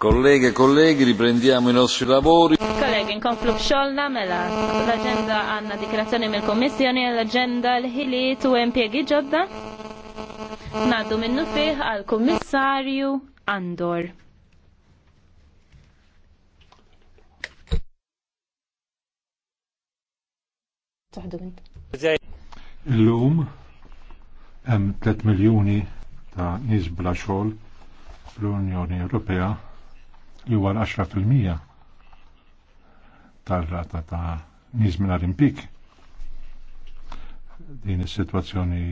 e kollegi, riprendiamo i nostri lavori. Kollegi, nkomplu bxolna mela. L-agenda għanna dikrazzjoni mill kommissjoni l-agenda l-ħiliet u impiegi ġodda. Naddu minnu fih għal kommissarju Andor. Taħdu lum hemm 3 miljuni ta' nisbla xogħol fl-Unjoni Ewropea li huwa l-10% tar-rata ta' nies mingħajr impik. Din is-sitwazzjoni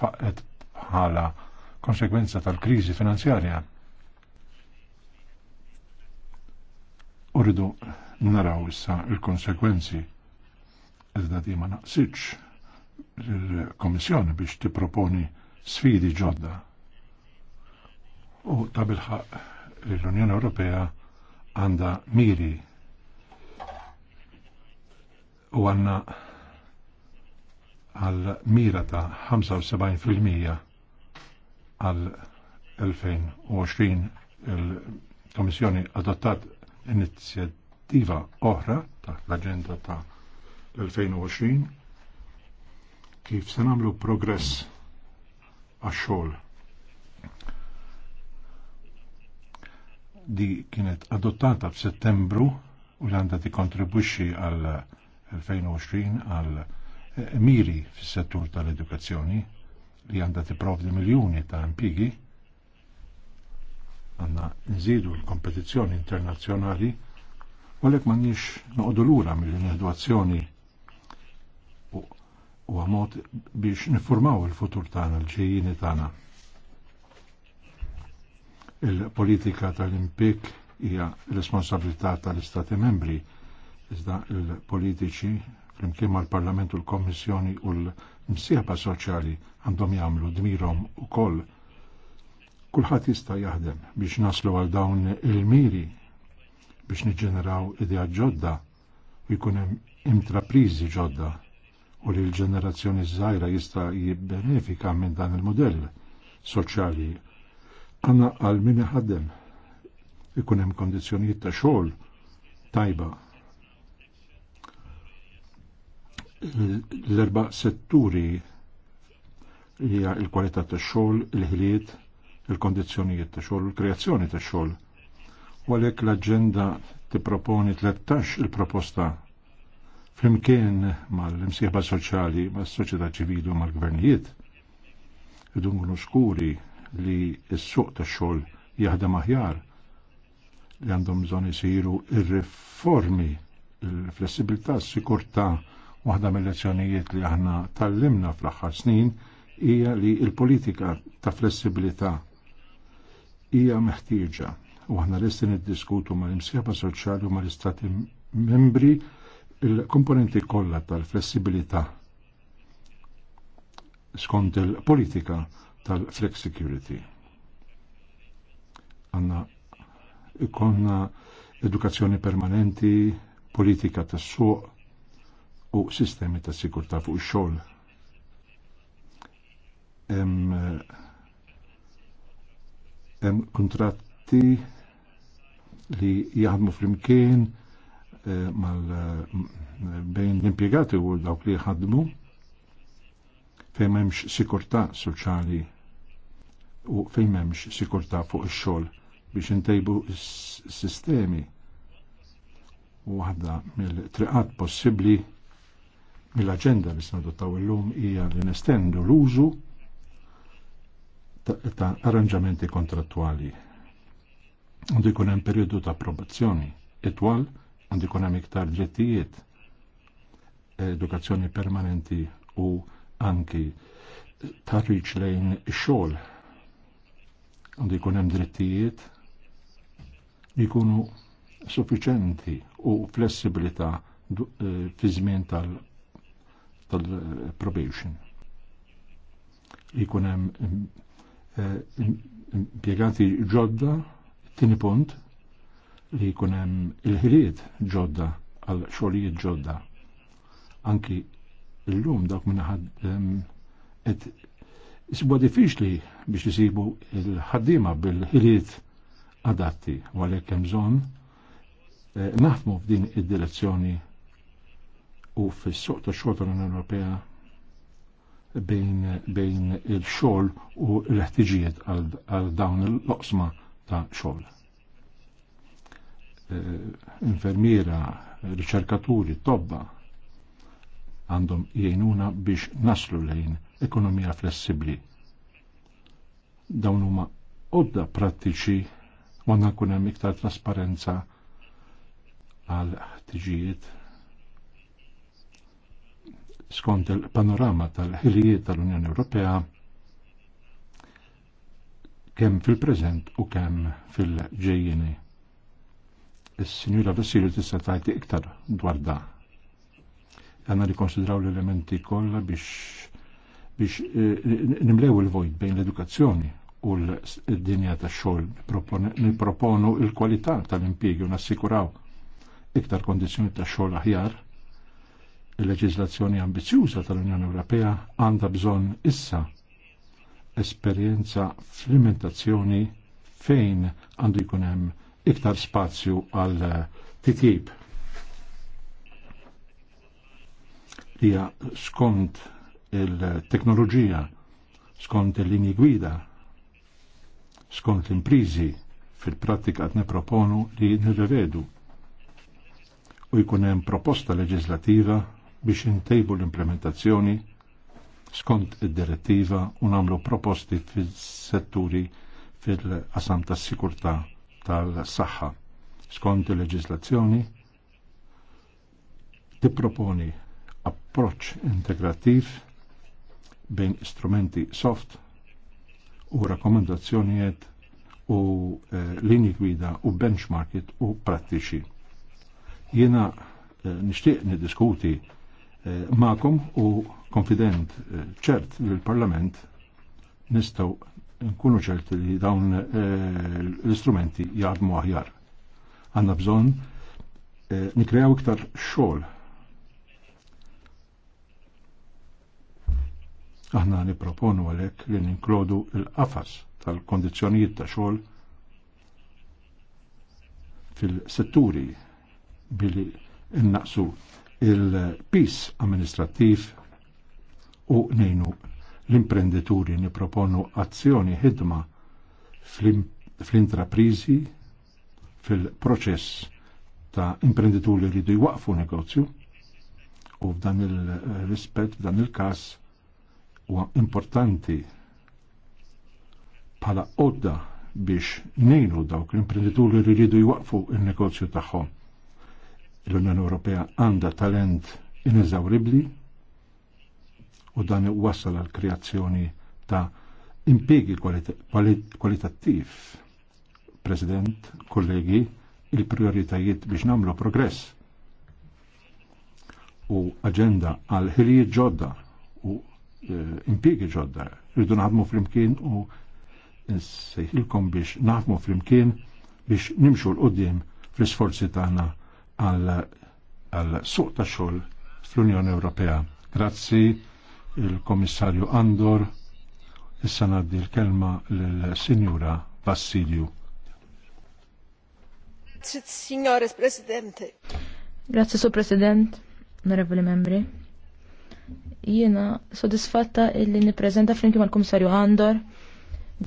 faqet bħala konsekwenza tal-kriżi finanzjarja. Uridu naraw issa il-konsekwenzi iżda di ma naqsitx il-Komissjoni biex tipproponi sfidi ġodda. U ta' bilħaq l-Unjoni Ewropea għandha miri u għanna għal mira ta' 75% għal 2020 il-Komissjoni adottat inizjattiva oħra ta' l-agenda ta' l-2020 kif se nagħmlu progress għax-xogħol di kienet adottata f'Settembru u l għandha tikkontribwixxi għal 2020 għal eh, miri fis-settur tal-edukazzjoni li għandha tipprovdi miljuni ta' impjigi għandna nżidu l-kompetizzjoni internazzjonali u għalhekk m'għandniex noqogħdu lura mill-innovazzjoni u għamot biex niffurmaw il-futur tagħna, l-ġejjini tagħna. Il-politika tal-impik hija responsabilità tal-Istati membri, iżda il-politiċi flimkien mal-Parlament u l-Kommissjoni u l-msieħba soċjali għandhom jagħmlu dmirhom ukoll. Kulħadd jista' jaħdem biex naslu għal dawn il-miri biex niġġeneraw idea ġodda u jkun hemm intrapriżi ġodda u li l-ġenerazzjoni żgħira jista' jibbenefika minn dan il-modell soċjali għanna għal minna ħaddem ikun hemm kondizzjonijiet ta' xogħol tajba. L-erba' setturi li hija l-kwalità ta' xogħol, il-ħiliet, il-kondizzjonijiet ta' xogħol, il-kreazzjoni ta' xogħol. U għalhekk l-aġenda tipproponi 13 il-proposta flimkien mal-imsieħba soċjali, mas-soċjetà ċivili u mal-gvernijiet. Idun skuri li s-suq ta' xogħol jaħdem aħjar li għandhom bżonn isiru il riformi il-flessibilità, s-sikurtà waħda mill-lezzjonijiet li aħna tallimna fl-aħħar snin hija li l-politika ta' flessibilità hija meħtieġa u aħna resti niddiskutu mal imsieħba soċjali u mal-istati membri il-komponenti kollha tal-flessibilità skont il-politika tal-flex security. Għanna ikonna edukazzjoni permanenti, politika tas suq u sistemi ta' sikurta fuq xol. Hemm hemm kontratti li jaħdmu fl-imkien eh, mal eh, bejn l-impjegati u dawk li jaħdmu fejn m'hemmx sikurtà soċjali u fejn m'hemmx sikurtà fuq ix-xogħol biex intejbu s-sistemi. Waħda mill-triqat possibbli mill-aġenda li s-nadottaw illum hija li nestendu l-użu ta' arranġamenti kontrattuali. Għandu jkun hemm perjodu ta' approvazzjoni itwal għandu jkun hemm iktar drittijiet, edukazzjoni permanenti u anki tarriċ lejn xol għandu jkun hemm drittijiet li jkunu suffiċenti u flessibilità eh, fi żmien tal-probation. Tal li jkun hemm eh, impjegati ġodda, tini punt, li jkun hemm il-ħiliet ġodda għal xogħlijiet ġodda. Anki l-lum dak ħad. et isbu diffiċli biex jisibu il-ħaddima bil-ħiliet adatti għalek kemżon eh, naħdmu f'din id-direzzjoni u fis-suq ta' xogħol tal-Unjoni Ewropea bejn, bejn il-xogħol u l-ħtiġijiet għal dawn l-oqsma ta' xogħol. Eh, infermiera, riċerkaturi, tobba, għandhom jgħinuna biex naslu lejn ekonomija flessibli. Dawn huma odda prattiċi u għandna hemm iktar trasparenza għal ħtiġijiet skont il-panorama tal-ħiliet tal-Unjoni Ewropea kemm fil-preżent u kemm fil-ġejjini. Is-Sinjura Vassilju tista' tgħid iktar dwar dan għanna rikonsidraw l-elementi kollha biex biex eh, eh, nimlew il-vojt bejn l-edukazzjoni u l-dinja ta' xogħol niproponu il-kwalità tal-impjegi u nassikuraw iktar kondizzjoni ta' xogħol aħjar il-leġiżlazzjoni ambizjuża tal-Unjoni Ewropea għandha bżonn issa esperjenza fl-imentazzjoni fejn għandu jkun hemm iktar spazju għal titjib hija skont il-teknoloġija, skont il-linji gwida, skont l-imprizi fil-prattika għad neproponu li nirrevedu u jkun hemm proposta leġislativa biex intejbu l-implementazzjoni skont id-direttiva u nagħmlu proposti fil-setturi fil-qasam tas-sikurtà tal-saħħa skont il-leġislazzjoni tipproponi approċ integrativ bejn istrumenti soft u rakomendazzjonijiet u e, linji gwida u benchmarkit u prattiċi. Jena e, eh, nishtiq nidiskuti e, ma'kom u konfident e, ċert li l-Parlament nistaw nkunu ċert li dawn e, l-istrumenti jadmu aħjar. Għanna bżon e, nikrejaw iktar xol Aħna niproponu għalhekk li ninklodu l-qafas tal-kondizzjonijiet ta' xogħol fil-setturi billi innaqsu il-pis amministrattiv u nejnu l-imprendituri niproponu azzjoni ħidma fl-intraprizi fil-proċess ta' imprenditori li jwaqfu negozju u f'dan il-rispett, f'dan il-kas, u importanti pala qodda biex nejnu dawk l-imprenditur li rridu jwaqfu il-negozju tagħhom. L-Unjoni Ewropea għandha talent ineżawribli u dan wassal għal kreazzjoni ta' impiegi kwalitattiv. President, kollegi, il-prioritajiet biex namlu progress u agenda għal ħilijiet ġodda impiegi ġodda. Rridu naħdmu flimkien u nsejħilkom biex naħdmu flimkien biex nimxu l-qoddim fl-isforzi tagħna għal suq ta' xogħol fl-Unjoni Ewropea. Grazzi il-Komissarju Andor, issa naddi l-kelma l-Sinjura Vassilju. Grazie, Signore Presidente. Grazie, Sur President, onorevoli membri. Jiena sodisfatta illi nippreżenta flimkien mal-Kummissarju Andor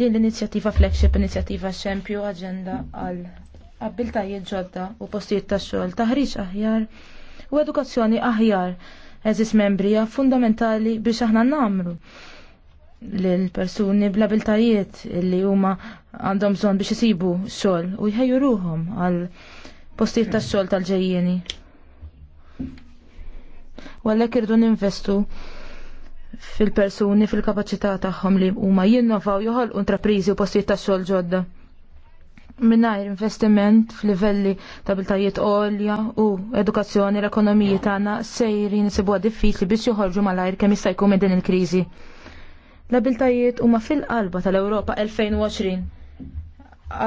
din l-inizjattiva flagship inizjattiva xempju aġenda għal abbiltajiet ġodda u postijiet ta' xogħol taħriġ aħjar u edukazzjoni aħjar eżis membrija fundamentali biex aħna namru l-persuni bl-abiltajiet li huma għandhom bżonn biex isibu xogħol u jħejju ruhom għal postijiet tax xogħol tal-ġejjieni. U għalhekk irdu ninvestu fil-persuni fil-kapaċità tagħhom li huma jinnovaw joħolqu intrapriżi u postijiet ta' xogħol ġodda. Minnajr investiment f'livelli ta' biltajiet għolja u edukazzjoni l-ekonomiji tagħna sejrin isibuha diffiċli biex joħorġu malajr kemm jista' jkun din il-kriżi. L-abiltajiet huma fil-qalba tal-Ewropa 2020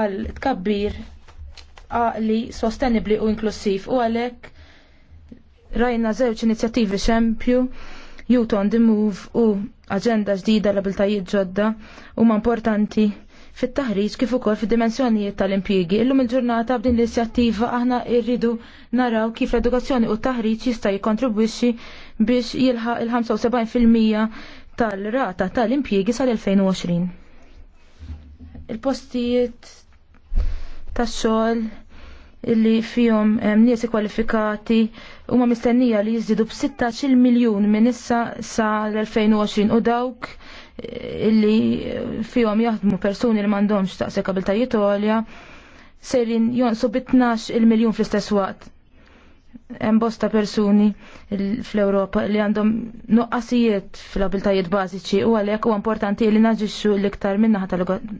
għal tkabbir għaqli sostenibli u inklusiv u għalhekk Rajna żewġ inizjattivi xempju, Youth on the Move u aġenda ġdida l-abiltajiet ġodda huma importanti fit-taħriġ kif ukoll fid-dimensjonijiet tal-impjiegi. Illum il-ġurnata b'din l-inizjattiva aħna rridu naraw kif l-edukazzjoni u t-taħriġ jista' jikkontribwixxi biex jilħaq il-75% tal-rata tal-impjiegi sal-2020. Il-postijiet tax-xogħol illi fihom nies kwalifikati huma mistennija li jiżdiedu b-16 miljun minn issa sa l-2020 u dawk eh, illi eh, fihom jaħdmu persuni li m'għandhomx taqsek abiltajiet għolja sejrin jonqsu b-12 miljun fl-istess waqt. Hemm bosta persuni fl-Ewropa li għandhom nuqqasijiet fl-abiltajiet bażiċi u għalhekk huwa importanti li naġixxu l-iktar min-naħa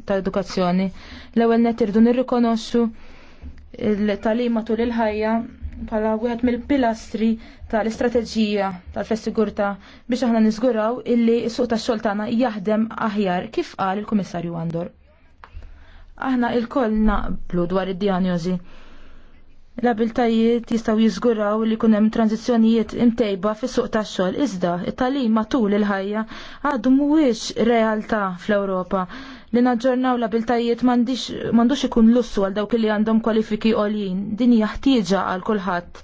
tal-edukazzjoni. L-ewwel nett irdu nirrikonoxxu il-talima tul il-ħajja bħala wieħed mill-pilastri tal-istrateġija tal-fessigurta biex aħna niżguraw illi s-suq tax-xogħol tagħna jaħdem aħjar kif qal il-Kummissarju Andor. Aħna il-koll naqblu dwar id-dijanjosi l-abiltajiet jistaw jizguraw li kunem tranzizjonijiet imtejba fis suq tax xogħol iżda it-talim matul il-ħajja għadu mhuwiex realtà fl-Ewropa. Li naġġornaw l-abiltajiet m'għandux ikun lussu għal dawk li għandhom kwalifiki għoljin, din hija ħtieġa għal kulħadd.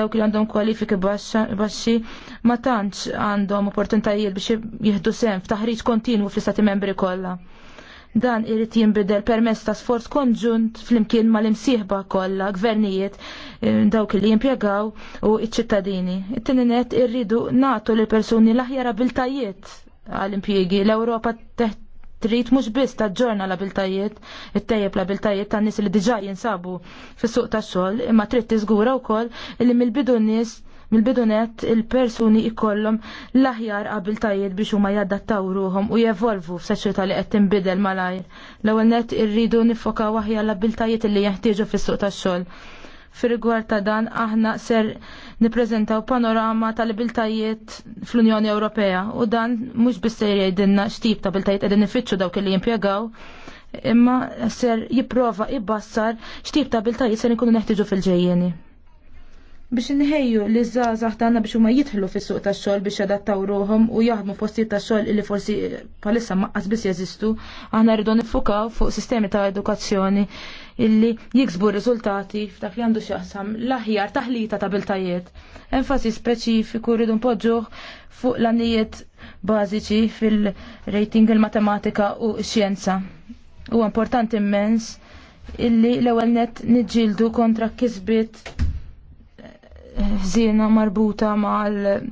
Dawk li għandhom kwalifiki baxxi ma tantx għandhom opportunitajiet biex jieħdu sem f'taħriġ kontinwu fl-istati membri kollha Dan irrit jinbidel permess ta' sforz konġunt flimkien mal-imsieħba kollha, gvernijiet, eh, dawk li jimpjegaw u iċ-ċittadini. it tininet irridu nagħtu lil persuni l-aħjar abiltajiet għall-impjiegi. L-Ewropa trid mhux biss taġġorna l-abiltajiet, ittejjeb l-abiltajiet tan-nies li diġà jinsabu fis-suq tax-xogħol, imma trid tiżgura wkoll li mill-bidu nies mill-bidunet il-persuni ikollhom l-aħjar qabiltajiet biex huma jadattaw ruhom u jevolvu f'soċjetà li qed tinbidel malajr. L-ewwel nett irridu nifoka aħjar l-abiltajiet li jeħtieġu fis-suq tax-xogħol. Fir-rigward ta' dan aħna ser nippreżentaw panorama tal-abiltajiet fl-Unjoni Ewropea u dan mhux biss se jgħidilna x'tip ta' abiltajiet qegħdin ifittxu dawk li jimpjegaw imma ser jipprova jibbassar x'tip ta' abiltajiet ser ikunu neħtieġu fil-ġejjeni biex nħejju li żgħażagħ tagħna biex huma jidħlu fis-suq tax-xogħol biex jadattaw ruhom u jaħdmu fostijiet tax-xogħol li forsi bħalissa maqqas biss jeżistu, aħna rridu niffukaw fuq sistemi ta' edukazzjoni illi jiksbu riżultati f'dak li għandu x'jaqsam l-aħjar taħlita ta' biltajiet. Enfasi speċifiku rridu npoġġuh fuq l-għannijiet bażiċi fil-rating il-matematika u x-xjenza. U importanti immens illi l-ewwel net niġġieldu kontra kisbiet żiena marbuta mal eh,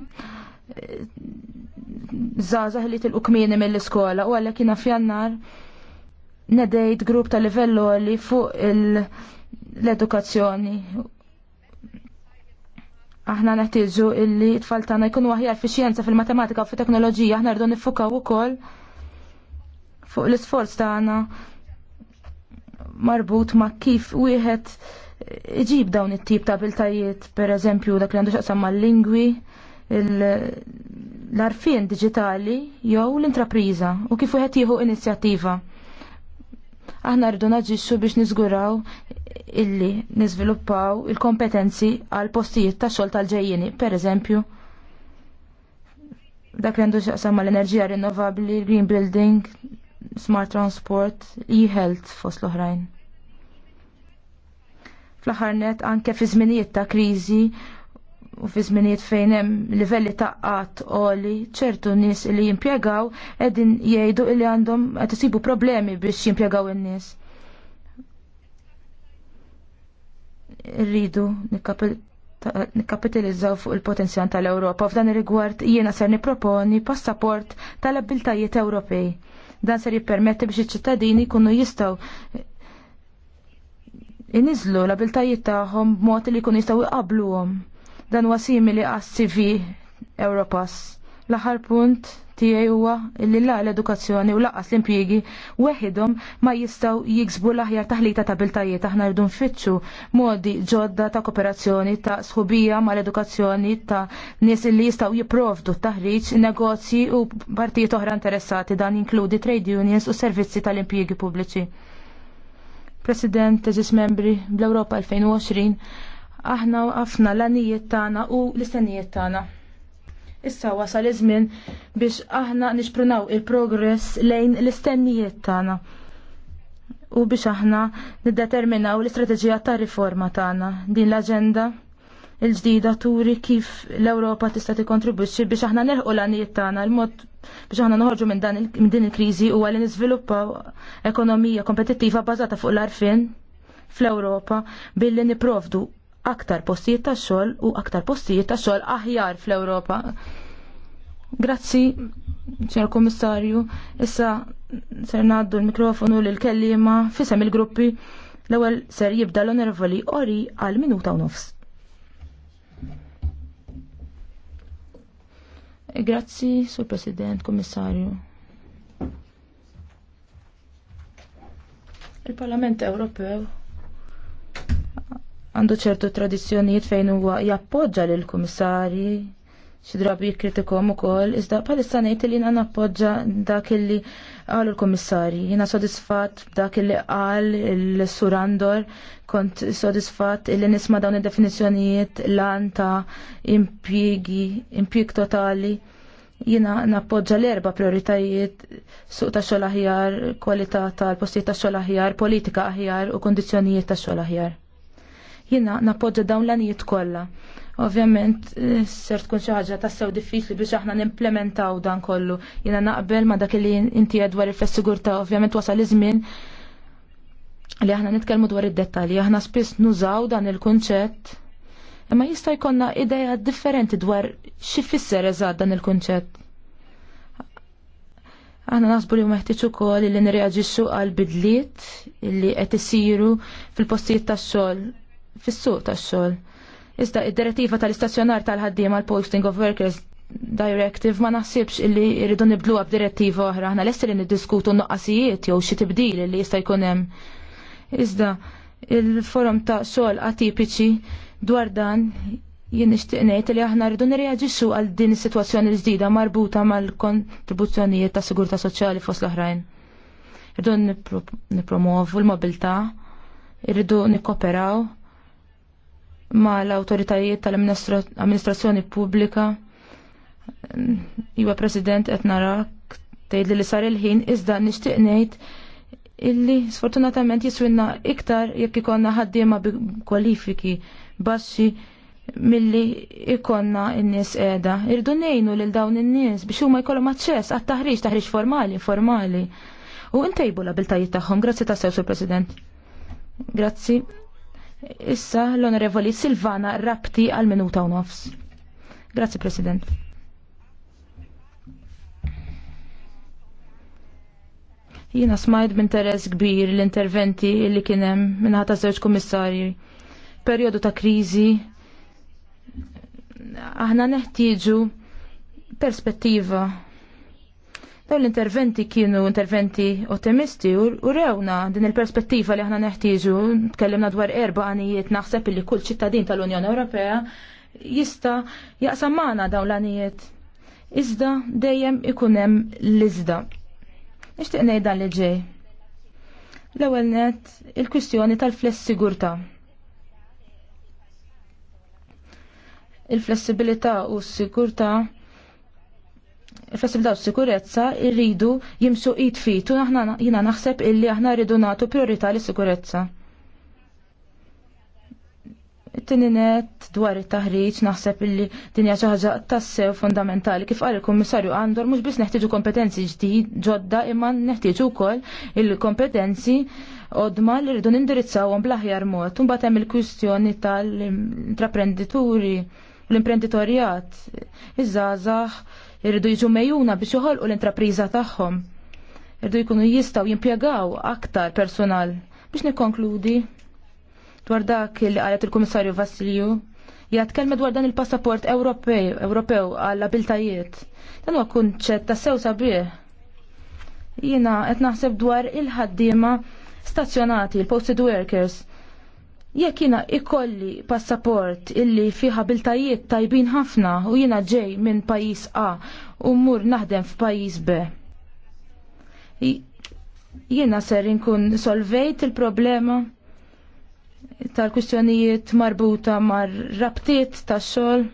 zaza li tilqu kmieni mill-iskola u għalhekk jiena f'jannar nedejt grupp ta' livello li fuq l-edukazzjoni. Aħna neħtieġu illi t-tfal tagħna jkunu aħjar fi xjenza fil-matematika u fi teknoloġija aħna rdu nifukaw ukoll fuq l-isforz tagħna marbut ma' kif wieħed iġib dawn it-tip ta' biltajiet, per eżempju, dak li għandu xaqsam ma' lingwi l-arfien digitali jew l-intrapriża u kif wieħed jieħu inizjattiva. Aħna rridu naġixxu biex niżguraw illi niżviluppaw il-kompetenzi għal postijiet ta' xogħol tal ġejjini per eżempju, dak li għandu xaqsam mal-enerġija rinnovabli, green building, smart transport, e-health fost l-oħrajn fl-aħħar net anke fi żminijiet ta' kriżi u fi żminijiet fejn hemm livelli ta' qatt għoli ċertu nies li jimpjegaw qegħdin jgħidu li għandhom qed isibu problemi biex jimpjegaw in-nies. Rridu nikkapitalizzaw fuq il-potenzjal tal-Ewropa. F'dan ir-rigward jiena ser niproponi passaport tal-abbiltajiet Ewropej. Dan ser jippermetti biex iċ-ċittadini jkunu jistgħu iniżlu l-abiltajiet tagħhom b'mod li jkun jistgħu jqabbluhom Dan huwa simili għas-CV Europass. L-aħħar punt tiegħi huwa li laqgħa l-edukazzjoni u laqas l-impjiegi weħidhom ma jistgħu jiksbu l-aħjar taħlita ta' biltajiet aħna rridu nfittxu modi ġodda ta' kooperazzjoni ta' sħubija mal edukazzjoni ta' nies li jistgħu jipprovdu taħriġ negozji u partijiet oħra interessati dan jinkludi trade unions u servizzi tal-impjiegi pubbliċi. President, Tezis membri, bl-Europa 2020, aħna għafna l-anijiet tagħna u l-istenijiet tagħna. Issa wasal iż-żmien biex aħna nixprunaw il-progress lejn l-istennijiet tagħna u biex aħna niddeterminaw l-istrateġija ta' riforma tagħna din l-aġenda il-ġdida turi kif l-Ewropa tista' tikkontribwixxi biex aħna nerħu l-għanijiet tagħna l-mod biex aħna noħorġu minn dan minn din il-kriżi huwa li niżviluppaw ekonomija kompetittiva bażata fuq l-arfin fl-Ewropa billi niprovdu aktar postijiet ta' xogħol u aktar postijiet ta' xogħol aħjar fl-Ewropa. Grazzi, ċer Komissarju. Issa ser ngħaddu l-mikrofonu lil kellima fisem il-gruppi l-ewwel ser jibda l-onervoli ori għal minuta u nofs. Grazzi, Sur President, Kommissarju. Il-Parlament Ewropew għandu ċertu tradizzjonijiet fejn huwa jappoġġa lill kummissarji xi drabi jikkritikom ukoll, iżda bħalissa ngħid li jiena nappoġġa dak illi qalu l-kummissarji. Jiena sodisfatt dak illi qal il-surandor, kont sodisfatt illi nisma' dawn id-definizzjonijiet lan ta' impjiegi, impjieg totali Jiena nappoġġa l-erba prioritajiet suq ta' xogħol aħjar, kwalità tal-postijiet ta' xogħol aħjar, politika aħjar u kondizzjonijiet ta' xogħol aħjar. Jiena nappoġġa dawn l-anijiet kollha Ovvjament, eh, ser tkun xi ħaġa tassew diffiċli biex aħna nimplementaw dan kollu. Jiena naqbel ma dak li inti dwar il-fessigurta, ovvjament wasal iż-żmien li aħna nitkellmu dwar id-dettalji, aħna spiss nużaw dan il-kunċett. Imma jista' jkollna idea differenti dwar xi fisser eżatt dan il-kunċett. Aħna naħsbu li meħtieġ ukoll li nirreaġixxu għal bidliet li qed isiru fil-postijiet tax-xogħol, fis-suq tax-xogħol. Iżda id-direttiva tal-istazzjonar tal-ħaddiema l-Posting of Workers Directive ma naħsibx illi irridu nibdluha b'direttiva oħra. Aħna lesti li niddiskutu noqqasijiet jew xi tibdil li jista' jkun hemm. Iżda il-forum ta' xogħol atipiċi dwar dan jien nixtieq ngħid li aħna rridu nirreaġixxu għal din is-sitwazzjoni l-ġdida marbuta mal-kontribuzzjonijiet ta' sigurtà soċjali fost l-oħrajn. Rridu nippromovu l-mobilità, irridu nikkoperaw ma l-autoritajiet tal-amministrazzjoni pubblika. Iwa president qed narak tgħid li sar il-ħin iżda nixtieq ngħid illi sfortunatament jiswinna iktar jekk ikonna ħaddiema bi kwalifiki baxxi milli ikonna n-nies qiegħda. Irdu ngħinu lil dawn in-nies biex huma jkollhom aċċess għat-taħriġ, taħriġ formali, informali. U intejbu l-abiltajiet tagħhom, grazzi ta' sew, Sur President. Grazzi. Issa l-Onorevoli Silvana Rapti għal minuta u nofs. Grazie, President. Jina smajt minn teres kbir l-interventi li kienem minn ħata żewġ komissarji. Periodu ta' kriżi. Aħna neħtieġu perspettiva Dawn l-interventi kienu interventi ottimisti u rewna din il-perspettiva li aħna neħtieġu tkellimna dwar erba' għanijiet naħseb li kull ċittadin tal-Unjoni Ewropea jista' jaqsam maħna dawn l-għanijiet. Iżda dejjem ikun hemm l-iżda. Nixtieq ngħid dan li ġej. L-ewwel net il-kwistjoni tal-flessigurtà. Il-flessibilità u s-sigurtà il u s il flessibilità u s sigurtà il-festival ta' sikurezza irridu jimsu id fitu aħna jina naħseb illi aħna rridu natu priorità li sikurezza. Tininet dwar it-taħriġ naħseb illi dinja xi ħaġa tassew fundamentali kif qal il-Kummissarju Andor mhux biss neħtieġu kompetenzi ġdid ġodda imma neħtieġu wkoll il-kompetenzi qodma li rridu nindirizzawhom bl-aħjar mod. Imbagħad hemm il-kwistjoni tal-intraprendituri l-imprenditorjat, iż-żgħażagħ irridu jiġu mejuna biex joħolqu l-intrapriża tagħhom. Irridu jkunu jistgħu jimpjegaw aktar personal biex nikkonkludi dwar dak li qalet il-Kummissarju Vassilju jgħat kelma dwar dan il-passaport Ewropej Ewropew għall-abiltajiet. Dan huwa kunċett ta' sew sabiħ. Jiena qed naħseb dwar il-ħaddiema stazzjonati, il-posted workers Jekk jiena ikolli passaport illi fi ħabiltajiet tajbin ħafna u jiena ġej minn pajjiż A u mmur naħdem f'pajjiż B. Jiena ser inkun solvejt il-problema tal-kustjonijiet marbuta mar rabtiet tax xogħol.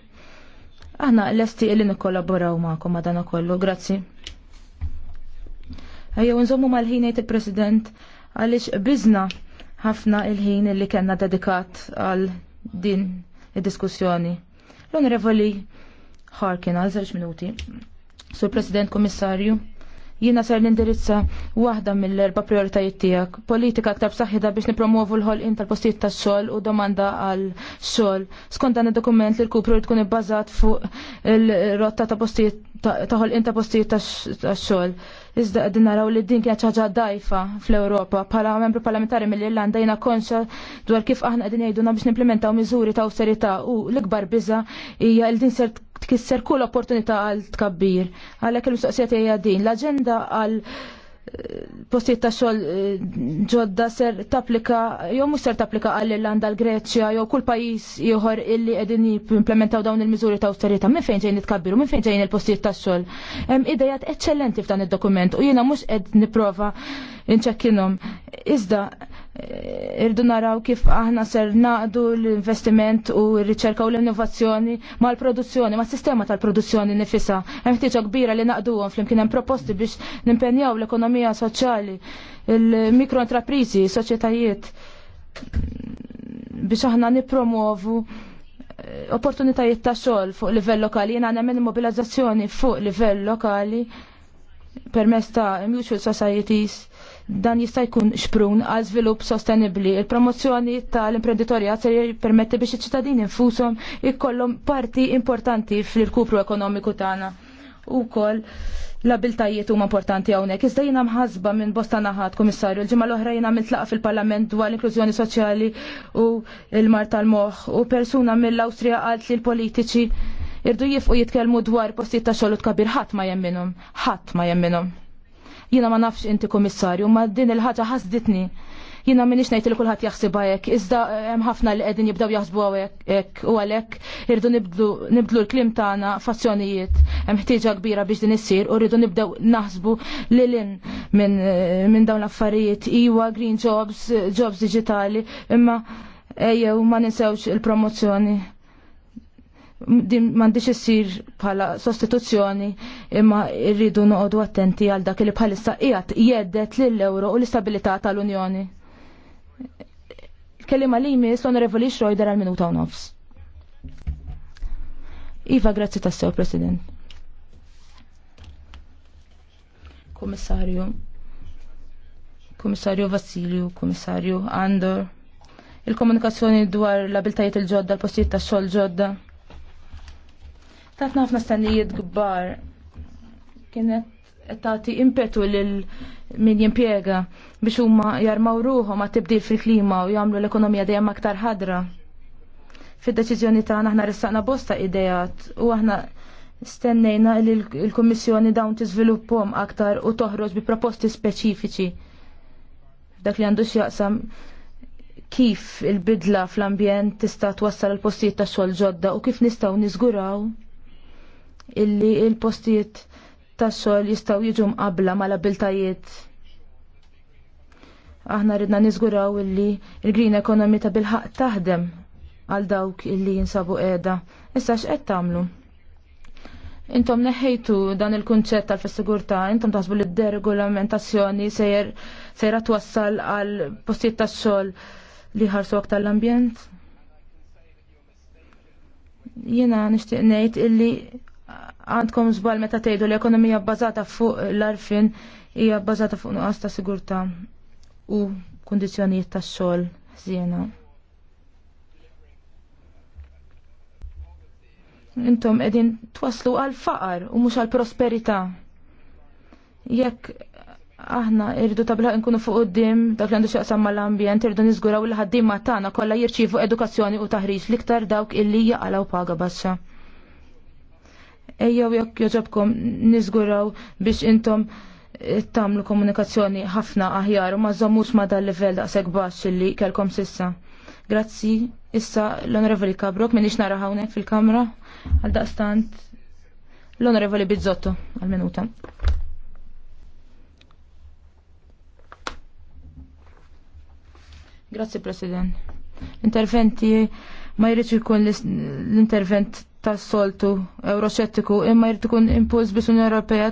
Aħna lesti li nikkollaboraw magħkom ma dan ukollu, grazzi. Ejjew nżommu mal-ħinejt il-President għaliex biżna ħafna il-ħin li kena dedikat għal din il-diskussjoni. L-Onorevoli Harkin, għal żewġ minuti. Sur President Komissarju, jina ser indirizza waħda mill-erba prioritajiet tiegħek, politika aktar b'saħħida biex nipromovu l-ħolqien tal-postijiet tax-xogħol u domanda għal xogħol. Skont dan id-dokument li l-kupru tkun ibbażat fuq il-rotta ta' postijiet ta' ħolqien ta' postijiet tax-xogħol. Iżda qegħdin naraw li din kienet ħaġa dajfa fl-Ewropa. Bħala membru parlamentari mill-Irlanda jiena konxa dwar kif aħna qegħdin jgħiduna biex nimplementaw miżuri ta' awsterità u l-ikbar biża hija l din ser tkisser kull opportunità għal tkabbir. Għalhekk il-mistoqsija hija din. L-aġenda għal postijiet ta' xogħol eh, ġodda ser tapplika jew mhux ser tapplika għall-Irlanda, l-Greċja jew kull pajjiż ieħor illi qegħdin jimplementaw dawn il-miżuri ta' austerita. Minn fejn ġejjin itkabbiru, minn fejn ġejjin il-postijiet ta' xogħol. Hemm idejat eċċellenti f'dan id-dokument u jiena mhux qed nipprova inċekkinhom. Iżda irdu naraw kif aħna ser naqdu l-investiment u r-riċerka u l-innovazzjoni ma l-produzzjoni, ma s-sistema tal-produzzjoni nifisa. Hemm ħtieġa kbira li naqduhom flimkien hemm proposti biex nimpenjaw l-ekonomija soċjali, il-mikroentreprizi, soċjetajiet biex aħna nipromovu eh, opportunitajiet ta' xogħol fuq livell lokali, jiena nemmen mobilizzazzjoni fuq livell lokali permezz ta' mutual societies dan jista' jkun xprun għal żvilupp sostenibbli. Il-promozzjoni tal-imprenditorja se jippermetti biex iċ-ċittadini infushom jkollhom parti importanti fil-kupru ekonomiku tagħna. Ukoll l-abiltajiet huma importanti hawnhekk. Iżda jiena mħasba minn bosta naħat, Kummissarju, l-ġimgħa l-oħra jiena mitlaqa fil-Parlament dwar l-inklużjoni soċjali u l-mar tal-moħħ u persuna mill-Awstrija qalt li l-politiċi irdu jifqu jitkellmu dwar postijiet ta' xogħol kabir ħadd ma jemminhom, ħadd ma jemminhom. Jiena ma nafx inti kummissarju, ma din il-ħaġa ħasditni. Jiena minix ngħid li kulħadd jaħsibha hekk, iżda eh, hemm ħafna li qegħdin jibdew jaħsbu hekk u għalhekk irdu nibdlu l-klim tagħna fazzjonijiet. Hemm ħtieġa kbira biex din issir u rridu nibdew naħsbu lilin eh, minn dawn l-affarijiet iwa green jobs, eh, jobs digitali, imma u ma ninsewx il-promozzjoni mandiċ issir bħala sostituzzjoni imma irridu noqogħdu attenti għal dak li bħalissa qiegħed jeddet lill-euro u l-istabilità tal-Unjoni. Kelima li jmiss Onorevoli Schroeder għal minuta u nofs. Iva, grazzi sew President. Komissarju, Komissarju Vassilju, Komissarju Andor, il-komunikazzjoni dwar l-abiltajiet il-ġodda, l-postijiet tax-xogħol ġodda. Tatna ħafna stannijiet kbar. Kienet tagħti impetu lil min jimpjega biex huma jarmaw ruħhom għat tibdil fil-klima u jagħmlu l-ekonomija dejjem aktar ħadra. Fid-deċiżjoni tagħna aħna ressaqna bosta idejat u aħna stennejna li l-Kummissjoni dawn tiżviluppom aktar u toħroġ bi proposti speċifiċi. Dak li għandu x'jaqsam kif il-bidla fl-ambjent tista' twassal il-postijiet ta' xogħol ġodda u kif nistgħu niżguraw illi il-postijiet tax-xogħol jistgħu jiġu mqabbla mal-abiltajiet. Aħna ridna niżguraw illi il-green economy ta' bilħaq taħdem għal dawk illi jinsabu qiegħda. Issa x'qed tagħmlu? Intom neħejtu dan il-kunċett tal-fessigurta, intom taħsbu li deregolamentazzjoni sejjer sejra twassal għal postijiet tax xogħol li ħarsu aktar l-ambjent? Jiena nixtieq ngħid illi għandkom żball meta tgħidu l-ekonomija bbażata fuq l-arfin hija bbażata fuq nuqqas ta' sigurtà u kundizzjonijiet tax-xogħol ħsiena. Intom qegħdin twaslu għal faqar u mhux għal prosperità. Jekk aħna irridu tabla nkunu fuq qudiem dak li għandu xaqsam mal-ambjent irridu niżguraw il-ħaddiema tagħna kollha jirċievu edukazzjoni u taħriġ l-iktar dawk illi jaqalgħu paga baxxa ejjew jekk joġobkom niżguraw biex intom eh, tamlu komunikazzjoni ħafna aħjar u ma żommux ma dal livell daqshekk baxx li kelkom sissa. Grazzi, issa l-Onorevoli Kabrok minix nara hawnhekk fil-kamra għal daqstant l-Onorevoli Bizzotto għal minuta. Grazzi President. L-interventi ma jridx ikun l-intervent tas-soltu euroxettiku imma jrid ikun impuls biex Unjoni Ewropea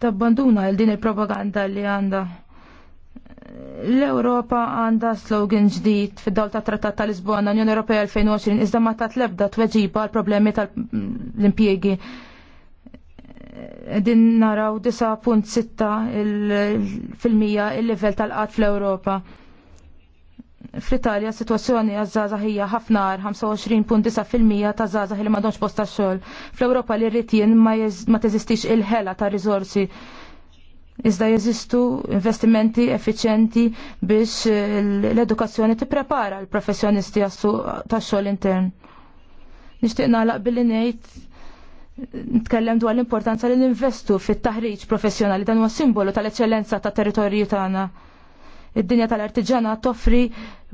tabbanduna l din il-propaganda li għandha. L-Ewropa għandha slogan ġdid fid-dawl ta' Trattat ta' Lisbona Unjoni Ewropea 2020 iżda ma tat lebda tweġiba għal problemi tal-impjiegi din naraw 9.6 il-fil-mija il-level tal-qat fl-Europa fl-Italja situazzjoni għazzaza hija ħafna 25.9% ta' zazah li madonx posta xol. Fl-Europa li rritjen ma teżistix il-ħela ta' rizorsi. Iżda jeżistu investimenti effiċenti biex l-edukazzjoni tipprepara l-professjonisti għassu ta' xol intern. Nishtiqna nalaq billi ngħid nitkellem dwar l-importanza li ninvestu fit-taħriġ professjonali dan huwa simbolu tal-eċċellenza ta' territorju tagħna. Ta Id-dinja tal artiġana toffri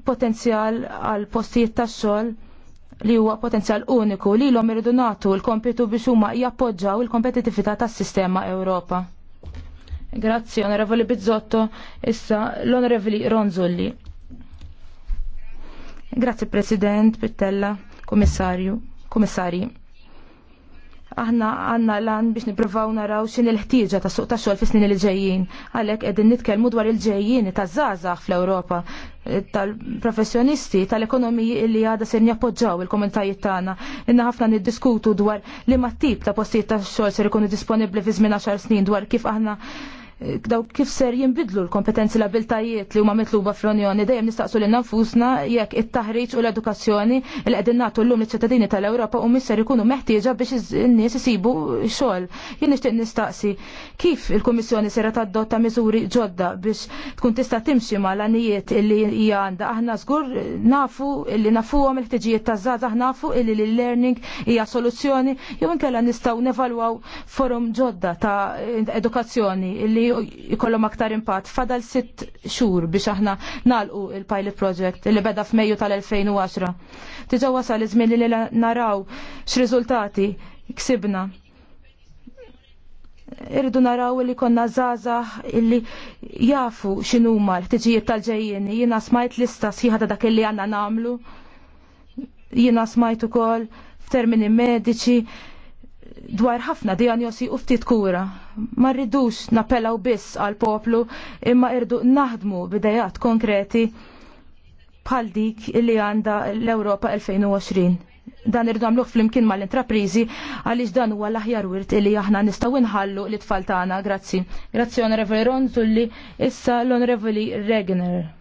potenzjal għal postijiet tax-xogħol li huwa potenzjal uniku li l-om irridu nagħtu l-kompitu biex huma jappoġġaw il-kompetitività tas-sistema Ewropa. Grazzi, onorevoli Bizzotto, issa l-onorevoli Ronzulli. Grazzi President, Pittella, Commissario, Commissari aħna għanna lan biex niprofaw naraw xin il-ħtieġa ta' suq ta' xogħol fis-snin li ġejjin. Għalhekk qegħdin nitkellmu dwar il-ġejjin ta' żgħażagħ fl-Ewropa eh, tal-professjonisti tal-ekonomiji li għada ser jappoġġaw il-komunitajiet tagħna. Inna ħafna niddiskutu dwar li ma' tip ta' postijiet ta' xogħol ser ikunu disponibbli fi żmien 10 snin dwar kif aħna daw kif ser jinbidlu l-kompetenzi l-abiltajiet li huma mitluba fl-Unjoni dejjem nistaqsu lil nfusna jekk it-taħriġ u l-edukazzjoni li qegħdin nagħtu llum liċ-ċittadini tal-Ewropa u misser ikunu meħtieġa biex in-nies isibu xogħol. Jien nixtieq nistaqsi kif il-Kummissjoni sera tadotta miżuri ġodda biex tkun tista' timxi mal-għanijiet illi hija għandha aħna żgur nafu illi nafuhom il-ħtiġijiet taż-żgħażagħ nafu illi l-learning hija soluzzjoni jew inkella nistgħu nevalwaw forum ġodda ta' edukazzjoni illi jikollom jkollhom aktar impatt. Fadal sitt xhur biex aħna nalqu il-pilot project li beda f'Mejju tal-2010. Diġà wasal iż-żmien li naraw x'riżultati ksibna. Irridu naraw li konna zaza illi jafu x'inhuma l-ħtiġijiet tal-ġejjien. Jiena smajt lista sħiħa ta' dak li għandna nagħmlu. Jiena smajt ukoll f'termini mediċi dwar ħafna diagnosi u ftit kura ma rridux napellaw biss għal poplu imma irdu naħdmu bidejat konkreti bħal dik li għanda l-Europa 2020. Dan irdu għamluħ fl-imkien mal-intraprizi għalix dan huwa l-aħjar wirt li aħna nistaw inħallu li tfal tagħna. Grazzi. Grazzi Onorevoli Ronzulli, issa l-Onorevoli Regner.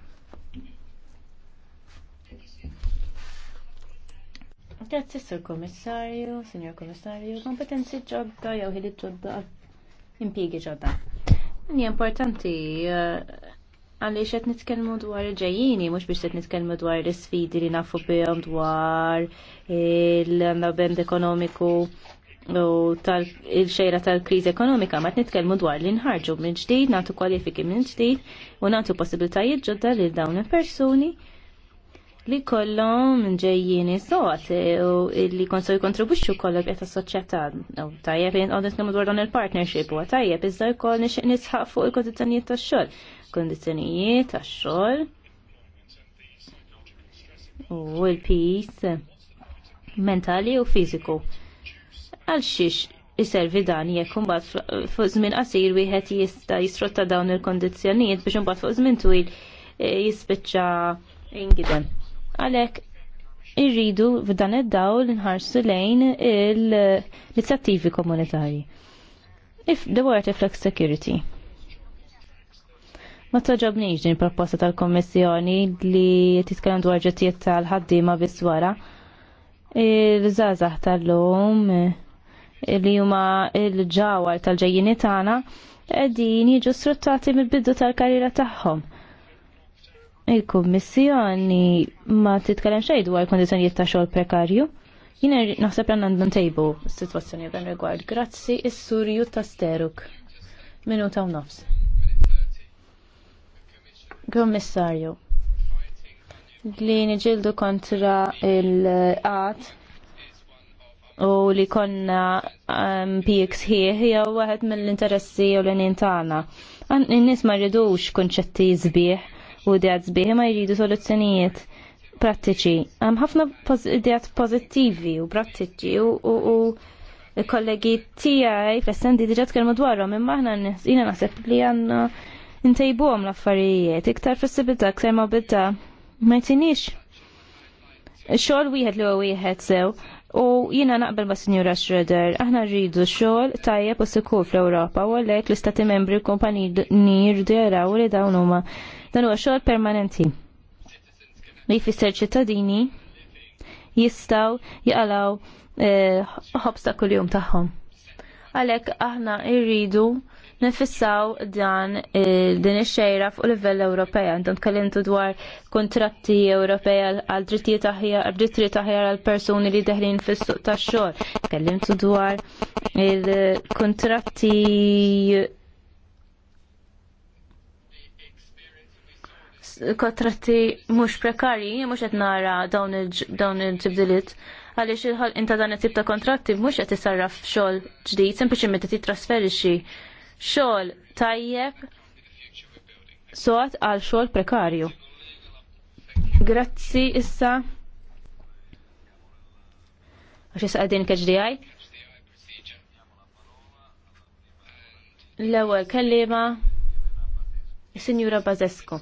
Grazzi, Sir Komissarju, Signor Komissarju, kompetenzi ġodda jew ħili ġodda impiegi ġodda. Għani importanti eh, għaliex qed nitkellmu dwar il-ġejjini, mhux biex qed nitkellmu dwar l-isfidi li nafu bihom dwar il nabend ekonomiku u il-xejra tal-kriżi ekonomika, ma nitkellmu dwar li nħarġu minn ġdid, nagħtu kwalifiki minn ġdid u nagħtu possibilitajiet ġodda lil dawn il-persuni li kollom ġejjini sot e, u li konsu jkontribwixxu kollha bqiet soċieta u Tajjeb jen qogħod nitkellmu dwar dan il-partnership u tajjeb iżda jkoll nisħaq fuq il-kondizzjonijiet tax-xogħol. Kondizzjonijiet tax xogħol kondizjonijiet tax xogħol u l-peace mentali u fiżiku. Għal xiex iservi dan jekk imbagħad fuq żmien qasir wieħed jista' jisrotta dawn il-kondizzjonijiet biex imbagħad fuq żmien twil e, jispiċċa ingidem. Għalek irridu f'dan id-dawl nħarsu lejn l-inizjattivi komunitarji. If the word of security. Ma toġobniġ din proposta tal-Kommissjoni li titkellem dwar ġettijiet tal-ħaddiema biswara, Il-żgħażagħ tal-lum li huma l-ġawar tal-ġejjini tagħna qegħdin jiġu sfruttati mill-biddu tal-karriera tagħhom il-Kommissjoni ma titkellem xejn dwar kondizzjonijiet ta' xogħol prekarju. Jiena naħseb għandna ntejbu s-sitwazzjoni dan rigward. Grazzi is-sur ta' steruk. Minuta u nofs. Kommissarju. Li niġildu kontra il-qat u li konna um, PX ħieħ hija waħed mill-interessi u l-għanin tagħna. N-nies ma rridux kunċetti żbieħ u ideat zbieħi ma jridu soluzzjonijiet prattiċi. Għam ħafna d-djad pożittivi u prattiċi u kollegi tiegħi fl-essendi diġà tkellmu dwarhom imma aħna jiena naħseb li għandna intejbuhom l-affarijiet, iktar flessibilità, iktar mobilità. Ma jtinix. Xogħol wieħed li huwa wieħed sew, U jina naqbel ma' Sinjura Schroeder, aħna rridu xogħol tajjeb u sikur fl-Ewropa u għalhekk l-istati membri u kumpaniji jirdu jaraw li dawn huma Dan huwa xogħol permanenti. Li jfisser ċittadini jistgħu jaqalaw eh, ħobs ta' kuljum tagħhom. Għalhekk aħna rridu nifissaw dan eh, din ix-xejra fuq livell Ewropea. Intom tkellimtu dwar kontratti Ewropea għal drittijiet aħjar, drittijiet aħjar għal persuni li deħlin fis-suq tax-xogħol. Tkellimtu dwar il-kontratti kontratti mhux prekarji, mhux qed nara dawn il-ġibdiliet għaliex il-ħol inta dan it-tip ta' kontratti mhux qed isarraf xogħol ġdid, sempliċement qed titrasferixxi xogħol tajjeb sod għal xogħol prekarju. Grazzi issa għax issa qegħdin keġdijaj. L-ewwel kellima Signora Bazesco.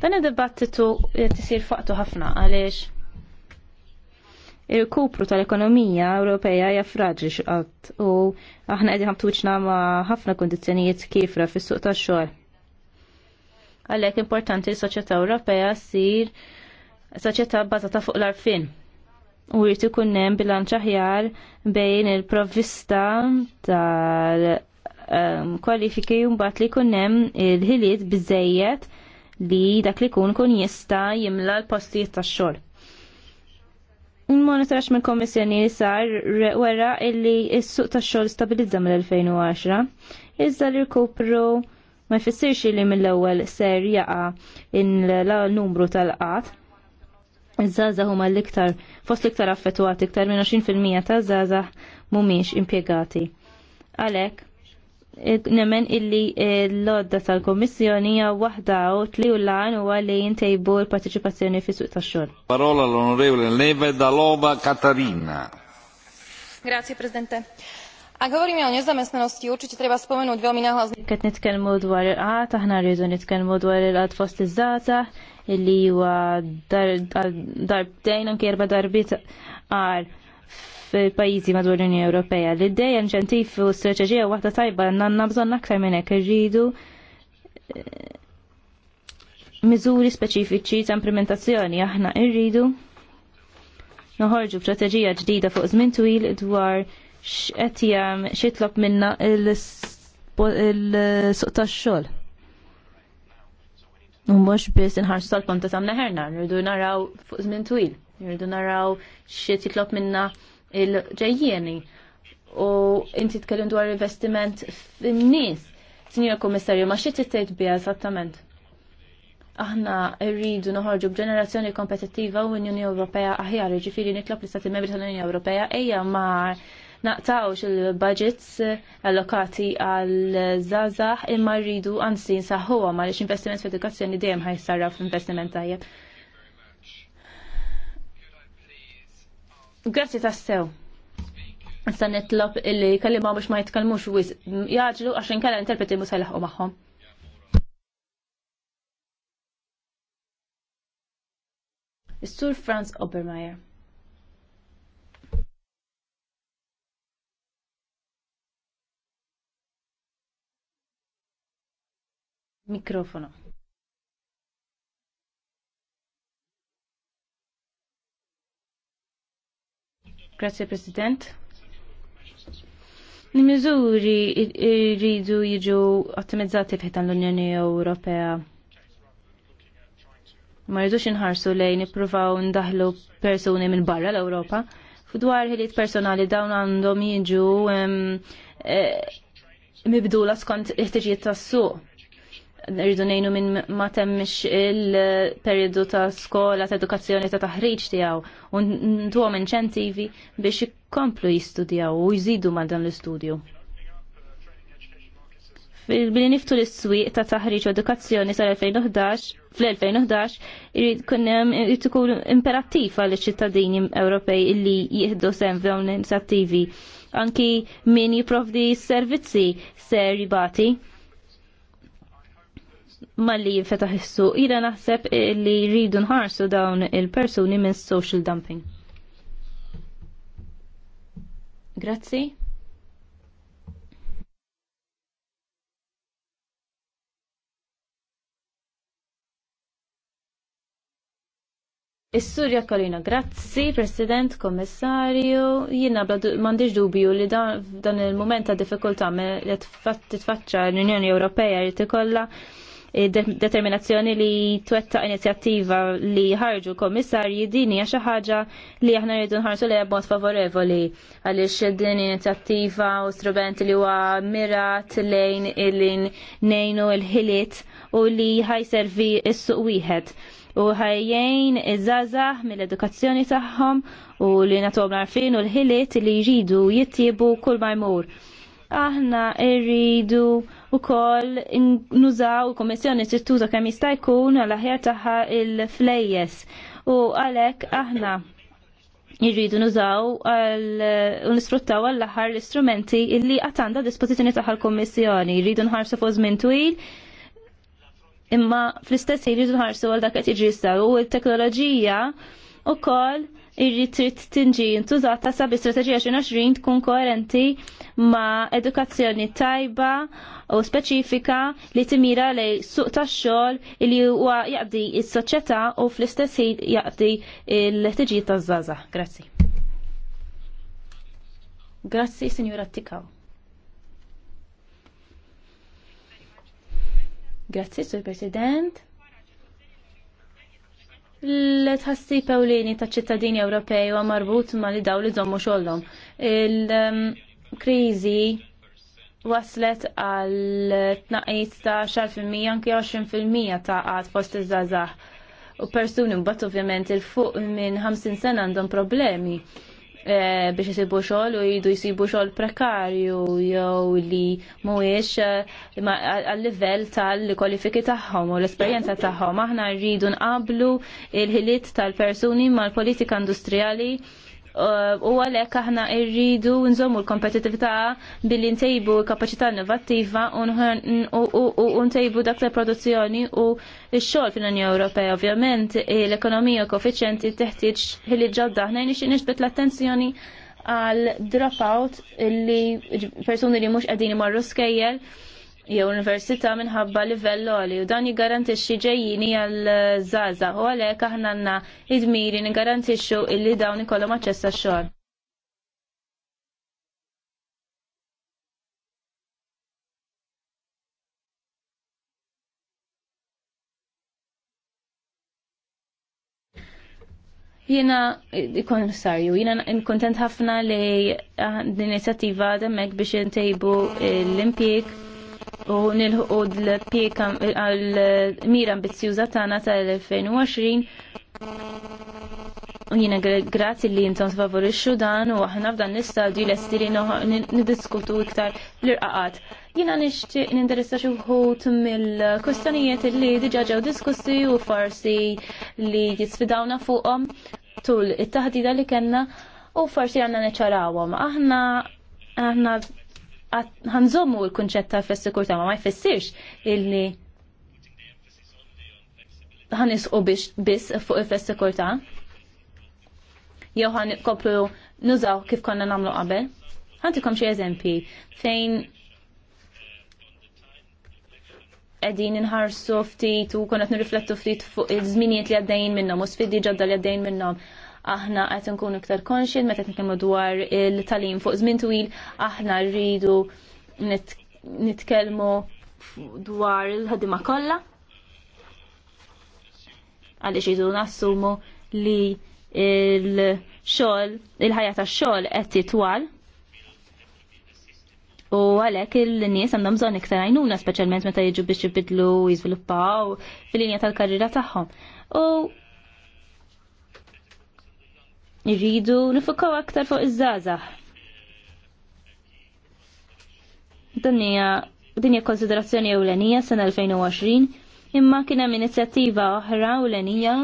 Dan id-dibattitu qed isir faqtu ħafna għaliex il-kupru tal-ekonomija Ewropea hija fraġli x'qatt u aħna qegħdin ħamtuċna ma' ħafna kundizzjonijiet kifra fis-suq tax-xogħol. Għalhekk importanti s-soċjetà Ewropea ssir soċjetà bbażata fuq l-arfin u jrid ikun hemm bilanċ aħjar bejn il-provvista tal ehm, kwalifiki u mbagħad li jkun hemm il-ħiliet biżejjed li dak li kun kun jista jimla l-postijiet tax-xogħol. monitorax minn kommissjoni sar wera illi s-suq tax-xogħol stabilizza mill-2010, iżda li rkupru ma jfissirx li mill-ewwel ser jaqa' il-numru tal-qat. Iż-żaza huma l-iktar fost l-iktar affettwati iktar minn 20% ta' żaza mhumiex impjegati. Għalhekk nemmen illi l-lodda eh, tal-Komissjoni hija waħda u tli u lan u għalli jintejbu l-partiċipazzjoni fi suq tax-xogħol. Parola l-Onorevole Nevedalova Katarina. Grazie, Presidente. Għak għorimi għon jizzamessnenosti uċi treba spomenu d-għomina għazmi. Ket nitkelmu dwar il-qat, aħna rridu nitkelmu dwar il-qat fostizzata illi żata dar huwa darbtejn anke erba' darbit għar fil-pajjiżi madwar l-Unjoni Ewropea. L-idea inċentiv u strateġija waħda tajba għandna bżonn aktar minn hekk irridu eh, miżuri speċifiċi ta' implementazzjoni aħna irridu noħorġu strateġija ġdida fuq żmien twil dwar x'qed jagħmel xitlob minna il-suq tax-xogħol. mhux biss nħarsu tal-ponta ta' mneħerna, nirdu naraw fuq żmien twil, nirdu naraw xie titlop minna il-ġejjieni u inti tkellim dwar investiment fin-nies. Sinjor Komissarju, ma xi tgħid biha eżattament? Aħna rridu noħorġu b'ġenerazzjoni kompetittiva u l Unjoni Ewropea aħjar, ġifieri nitlob l-Istati Membri tal-Unjoni Ewropea ejja ma' naqtawx il-budgets allokati għal zazax imma rridu għansin nsaħħuha ma l-investiment f'edukazzjoni dejjem ħajsarra f'investiment tajjeb. Grazzi tassew. Nistan nitlob illi kallimaw biex ma jitkalmux u jaġlu għax inkella interpreti mhux ħajlaħqu magħhom. Is-Sur Franz Obermeier. Mikrofono. Grazie President. li miżuri jridu jiġu ottimizzati fiħtan l-Unjoni Ewropea. Ma rridux inħarsu lejn nippruvaw ndaħlu persuni minn barra l-Ewropa. Fudwar ħiliet personali dawn għandhom jiġu eh, mibdula skont il-ħtiġijiet tas-suq rridu nejnu minn ma temmix il-periodu ta' skola, ta' edukazzjoni, ta' taħriġ tijaw, u ntu għom inċentivi biex komplu jistudjaw u jżidu ma' dan l-istudju. Bili niftu l-swiq ta' taħriġ u edukazzjoni sal-2011, fl-2011, irrid kunnem irrid ikun imperattiv għal ċittadini Ewropej illi jieħdu sem f'dawn l-inizjattivi. Anki min jiprovdi s-servizzi ser jibati malli jinfetaħ is-suq. Ira naħseb li jridu nħarsu dawn il-persuni minn social dumping. Grazzi. Is-Surja Kalina, grazzi, President, Kommissarju, jina mandiġ dubju li dan il-moment ta' diffikultà li tfaċċa l-Unjoni Ewropea jrid ikollha Eh, determinazzjoni li twetta inizjattiva li ħarġu komissarji dini għaxa ħaġa li aħna rridu nħarsu li għabbot favorevoli għalix din inizjattiva u strumenti li huwa mirat lejn il-lin nejnu il-ħiliet u li ħajservi s-suq wieħed u ħajjejn iż-żazah mill-edukazzjoni tagħhom u li nagħtuhom l u l-ħiliet li jridu jittibu kull ma jmur aħna irridu u koll nużaw il-Komissjoni tittuża kemm jista' jkun għal aħjar tagħha il-flejjes u għalhekk aħna irridu nużaw u nisfruttaw għall-aħħar l-istrumenti illi għatanda dispożizzjoni tagħha l-Kommissjoni. Jridu nħarsu fuq żmien twil imma fl-istess irridu nħarsu għal dak qed u l-teknoloġija u kol irritrit tinġi intużata sabi strategija 2020 tkun koerenti ma' edukazzjoni tajba u speċifika li timira lej suq tax-xogħol li huwa jaqdi s-soċjetà u fl-istess jaqdi l tiġi taż-żgħażagħ. Grazzi. Grazzi, Sinjura Tikaw. Grazzi, Sur President l-tħassib ewlieni ta' ċittadini Ewropej huwa marbut ma' li daw li żommu xollom. Il-kriżi um, waslet għal tnaqis ta' 10% anki 20% ta' għad fost iż żazah U persuni mbagħad ovvjament il-fuq minn 50 sena għandhom problemi Eh, biex jisibu xogħol u jridu jsibu xogħol prekarju jew li mhuwiex eh, għal-livell tal-kwalifiki tagħhom u l-esperjenza tagħhom. Aħna rridu nqablu il-ħiliet tal-persuni mal-politika industrijali Eh, u għalek aħna irridu nżommu l-kompetitività billi ntejbu kapacità innovattiva u ntejbu dak l-produzzjoni u x-xogħol fil-Unjoni Ewropea. Ovvjament l-ekonomija koeffiċjenti teħtieġ ħili ġodda aħna jnix nixbet l-attenzjoni għal dropout li persuni li mhux qegħdin marru skejjel jew università minħabba livell għali u dan jiggarantixxi ġejjini għal zaza u għalhekk aħna għandna idmiri niggarantixxu illi dawn ikollhom aċċess għax-xogħol. Jiena ikon sarju, jiena kontent ħafna li din inizjattiva demmek biex jintejbu l-impjeg u nilħu l-pjek għal-mira ambizjuża tagħna tal-2020 u jiena grazzi li jintom sfavorixxu dan u aħna f'dan l-istadju lesti niddiskutu iktar l-irqaqat. Jiena nixtieq ninteressa xi wħud mill-kwistjonijiet li diġà ġew diskussi u forsi li jisfidawna fuqhom tul it-taħdida li kellna u forsi għandna neċarawom. Aħna aħna ħanżommu l-kunċett ta' fessikurta ma ma jfessirx illi u biex biss fuq il-fessikurta. Jew ħan koplu nużaw kif konna namlu qabel. Ħantikom xi eżempi fejn qegħdin inħarsu ftit u konet nirriflettu ftit fuq iż-żminijiet li għaddejn minnhom u sfidi ġodda li għaddejn minnhom aħna qed nkunu iktar konxin meta nitkellmu dwar il-talim fuq żmien twil, aħna rridu nitkellmu dwar il-ħadima kollha. Għaliex jidu nassumu li il-xogħol, il-ħajja tax-xogħol qed titwal. U għalek il-nies għandhom bżonn iktar għajnuna, speċjalment meta jiġu biex jibidlu, jiżviluppaw fil-linja tal-karriera tagħhom. U Irridu nifukaw aktar fuq iż-żgħażagħ. Dan din hija konsiderazzjoni ewlenija sena 2020 imma kien hemm inizjattiva oħra ewlenija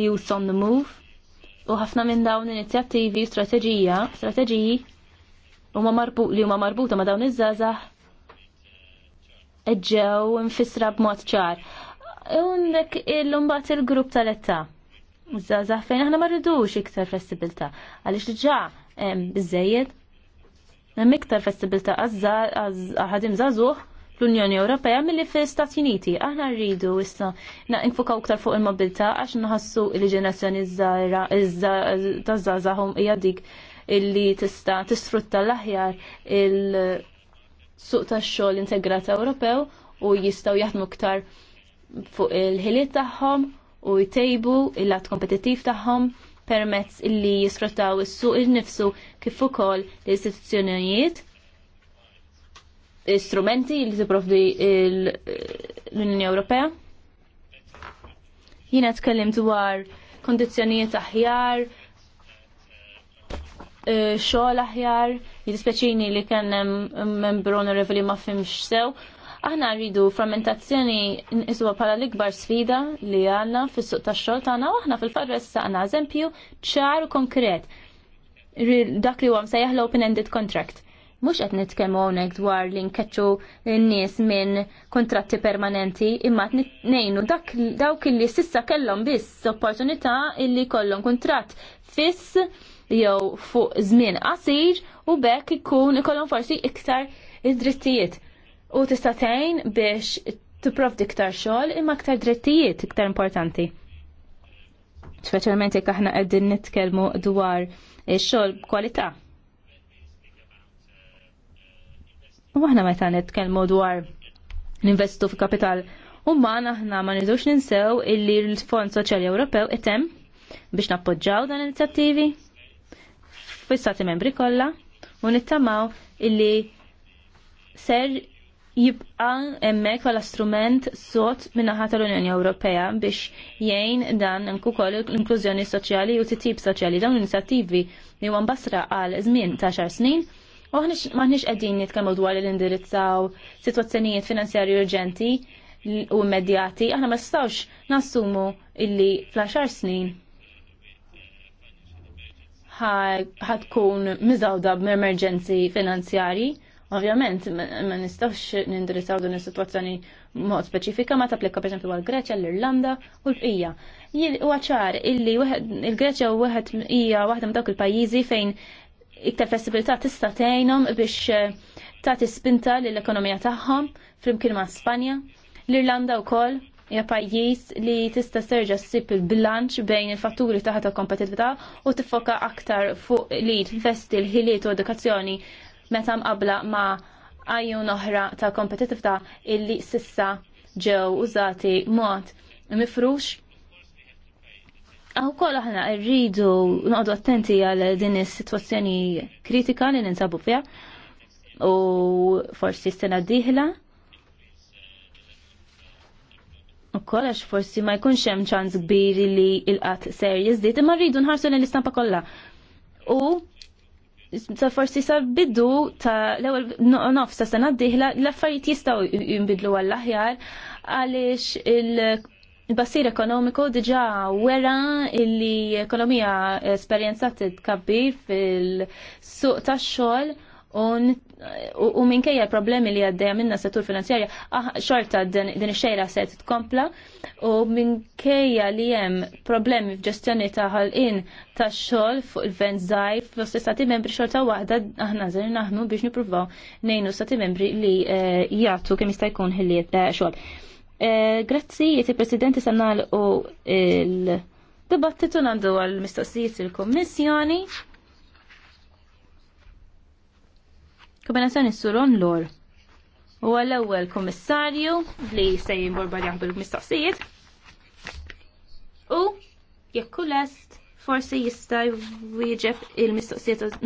Youth on the Move u ħafna minn dawn inizjattivi strateġija, strateġiji huma marbu li huma marbuta ma' dawn iż żaza ġew infisra b'mod ċar. Undek l-umbat il-grupp tal-età. Zaza fejn aħna ma rridux iktar flessibilità għaliex diġà hemm biżejjed hemm iktar flessibilità għadim żagħżugħ fl-Unjoni Ewropea milli fl istati Uniti. Aħna rridu issa nfukaw iktar fuq il-mobilità għax nħassu li ġenerazzjoni ta' żagħżagħhom hija dik illi tista' tisfrutta l-aħjar il-suq tax-xogħol integrat Ewropew u jistgħu jaħdmu iktar fuq il-ħiliet tagħhom u jtejbu il-lat kompetittiv tagħhom permezz illi jisfruttaw is-suq innifsu kif ukoll l-istituzzjonijiet istrumenti li tipprovdi l-Unjoni Ewropea. Jiena tkellim dwar kondizzjonijiet aħjar, e, xogħol aħjar, jispeċini li kien hemm membru onorevoli ma fimx sew Aħna rridu frammentazzjoni nisuwa pala l-ikbar sfida li għanna fis-suq tax-xogħol tagħna u aħna fil-farres saqna eżempju ċar u konkret dak li għam msejjaħ l-open-ended contract. Mhux qed nitkemmu hawnhekk dwar li nkeċċu n-nies minn kontratti permanenti imma qed ngħinu dak dawk li sissa kellhom biss opportunità illi jkollhom kuntratt fiss jew fuq żmien qasir u bekk ikun ikollhom forsi iktar id-drittijiet u tista' tgħin biex tipprovdi diktar xogħol imma aktar drittijiet iktar importanti. Speċjalment jekk aħna qegħdin nitkellmu dwar ix-xogħol b'kwalità. U aħna meta nitkellmu dwar l-investu ninvestu f'kapital Umman aħna ma nidux ninsew illi l-Fond Soċjali Ewropew item biex nappoġġaw dan l inizjattivi fis-stati membri kollha u nittamaw illi ser jibqa emmek bħala strument sot minnaħa tal-Unjoni Ewropea biex jgħin dan ukoll l-inklużjoni soċjali u titjib soċjali dawn l-inizjattivi li huwa mbasra għal żmien ta' xar snin u maħniex qegħdin nitkellmu dwar l-indirizzaw sitwazzjonijiet finanzjarji urġenti u immedjati, aħna ma nistgħux nassumu illi fl għaxar snin ħatkun miżawda b'emerġenzi finanzjarji Ovvjament, ma nistax nindirizzaw din is-sitwazzjoni mod speċifika ma tapplika pereżempju għal Greċja, l-Irlanda u l-bqija. Huwa ċar illi il-Greċja u wieħed hija waħda minn dawk il-pajjiżi fejn iktar flessibilità tista' tgħinhom biex eh, tagħti spinta lill-ekonomija tagħhom flimkien ma' Spanja. L-Irlanda wkoll hija pajjiż li tista' serġa' ssib il-bilanċ bejn il-fatturi tagħha ta' kompetitività u tiffoka aktar fuq li tfesti l-ħiliet u edukazzjoni meta mqabla ma' għajun oħra ta' ta' illi sissa ġew użati mod mifrux. Għaw kol aħna rridu noqdu attenti għal din is-sitwazzjoni kritika li ninsabu fija u forsi s-sena diħla U kollax forsi ma jkunx hemm ċans kbir li l-qatt ser jiżdied imma rridu nħarsu l-istampa kollha. U sa forsi sa biddu ta' l-ewel nof sa sena diħla l-affarijiet jistaw jimbidlu għall-aħjar għaliex il-bassir ekonomiku diġa wera illi ekonomija esperjenzat kabbi fil-suq tax-xogħol u u minkejja problemi li għaddeja minna settur finanzjarja, ah, xorta din xejra se tkompla u minkejja li jem problemi f'ġestjoni ta' ħal-in ta' xol fuq il-vent zaħir fuq stati membri xorta wahda aħna zir naħnu biex nipruvaw nejnu stati membri li eh, jgħatu kem jista' jkun ħilliet xol. Eh, grazzi, jeti presidenti sannal u il-dibattitu nandu għal-mistoqsijiet il-kommissjoni. Kombinazzjoni Suron Lor. U għall-ewwel kommissarju li sejn borba barjaħbu l-mistoqsijiet. U jekk lest forsi jista' jwieġeb il-mistoqsijiet